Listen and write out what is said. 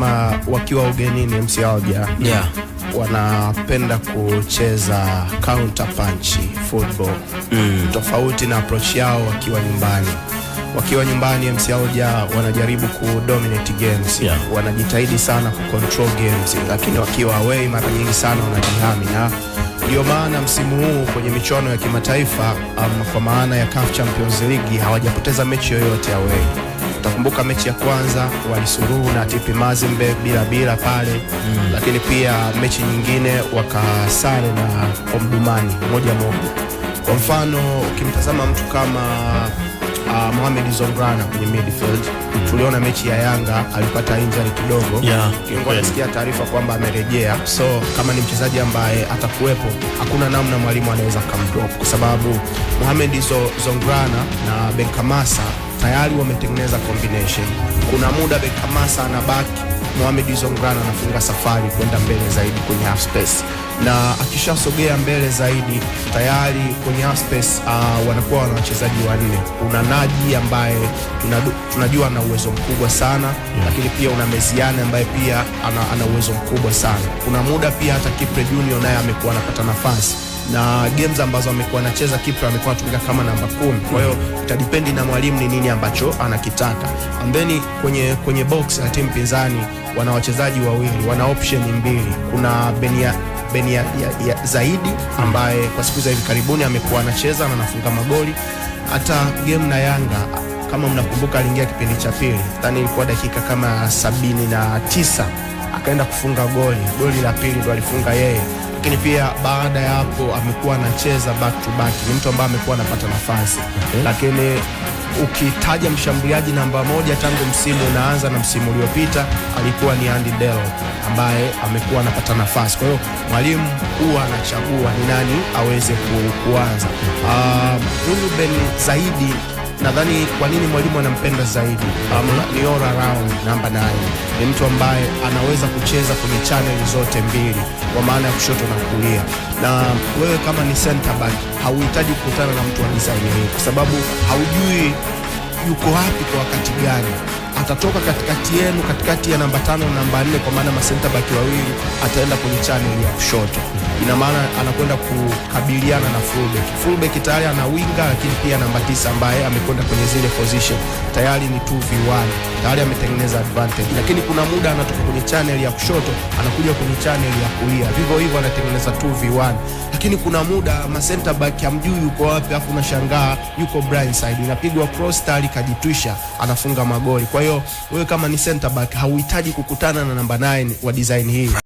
wanasema wakiwa ugenini MC Alger yeah. wanapenda kucheza counter punch football mm. tofauti na approach yao wakiwa nyumbani wakiwa nyumbani MC Alger wanajaribu ku dominate games yeah. wanajitahidi sana ku control games, lakini wakiwa away mara nyingi sana wanajihami, na ndio maana msimu huu kwenye michuano ya kimataifa um, kwa maana ya CAF Champions League hawajapoteza mechi yoyote away. Utakumbuka mechi ya kwanza walisuruhu na TP Mazembe bila bila pale mm. Lakini pia mechi nyingine wakasare na Omdumani moja moja. Kwa mfano ukimtazama mtu kama uh, Mohamed Zongrana kwenye midfield mm. Tuliona mechi ya Yanga alipata injury kidogo yeah. Nasikia mm. taarifa kwamba amerejea, so kama ni mchezaji ambaye atakuwepo, hakuna namna mwalimu anaweza kumdrop kwa sababu Mohamed Zongrana na Benkamasa tayari wametengeneza combination. Kuna muda Bekamasa anabaki, Mohamed Zongrana anafunga safari kwenda mbele zaidi kwenye half space, na akishasogea mbele zaidi tayari kwenye half space uh, wanakuwa wana wachezaji wanne. Una Naji ambaye tunajua ana uwezo mkubwa sana yeah, lakini pia una Meziane ambaye pia ana uwezo mkubwa sana. Kuna muda pia hata Kipre Junior naye amekuwa anapata nafasi na games ambazo amekuwa anacheza Kipra amekuwa anatumika kama namba kumi. Kwa hiyo itadipendi na mwalimu ni nini ambacho anakitaka. Ambeni kwenye, kwenye box ya timu pinzani wana wachezaji wawili, wana option mbili. Kuna Benia Benia ya, ya, Zaidi ambaye kwa siku za hivi karibuni amekuwa anacheza na anafunga magoli. Hata game na Yanga kama mnakumbuka, aliingia kipindi cha pili, nadhani ilikuwa dakika kama sabini na tisa akaenda kufunga goli, goli la pili ndo alifunga yeye, lakini pia baada ya hapo amekuwa anacheza back to back, ni mtu ambaye amekuwa anapata nafasi okay. Lakini ukitaja mshambuliaji namba moja tangu msimu unaanza na msimu uliopita alikuwa ni Andy del ambaye amekuwa anapata nafasi. Kwa hiyo mwalimu huwa anachagua ni nani aweze kuanza. Uh, ben zaidi nadhani kwa nini mwalimu anampenda zaidi um, ni all around namba 9 ni mtu ambaye anaweza kucheza kwenye chaneli zote mbili, kwa maana ya kushoto na kulia, na wewe kama ni center back hauhitaji kukutana na mtu wa design hii, kwa sababu haujui yuko wapi kwa wakati gani atatoka katikati yenu, katikati ya namba tano na namba nne, kwa maana masenta baki wawili, ataenda kwenye chaneli ya kushoto ina maana anakwenda kukabiliana na fullback. Fullback tayari ana winga, lakini pia namba tisa ambaye amekwenda kwenye zile position tayari ni 2v1, tayari ametengeneza advantage, lakini kuna muda anatoka kwenye channel ya kushoto anakuja kwenye channel ya kulia, vivyo hivyo anatengeneza 2v1, lakini kuna muda ma center back amjui yuko wapi, afu unashangaa yuko blind side, inapigwa cross tayari kajitwisha, anafunga magoli. Kwa hiyo wewe kama ni center back hauhitaji kukutana na namba 9 wa design hii.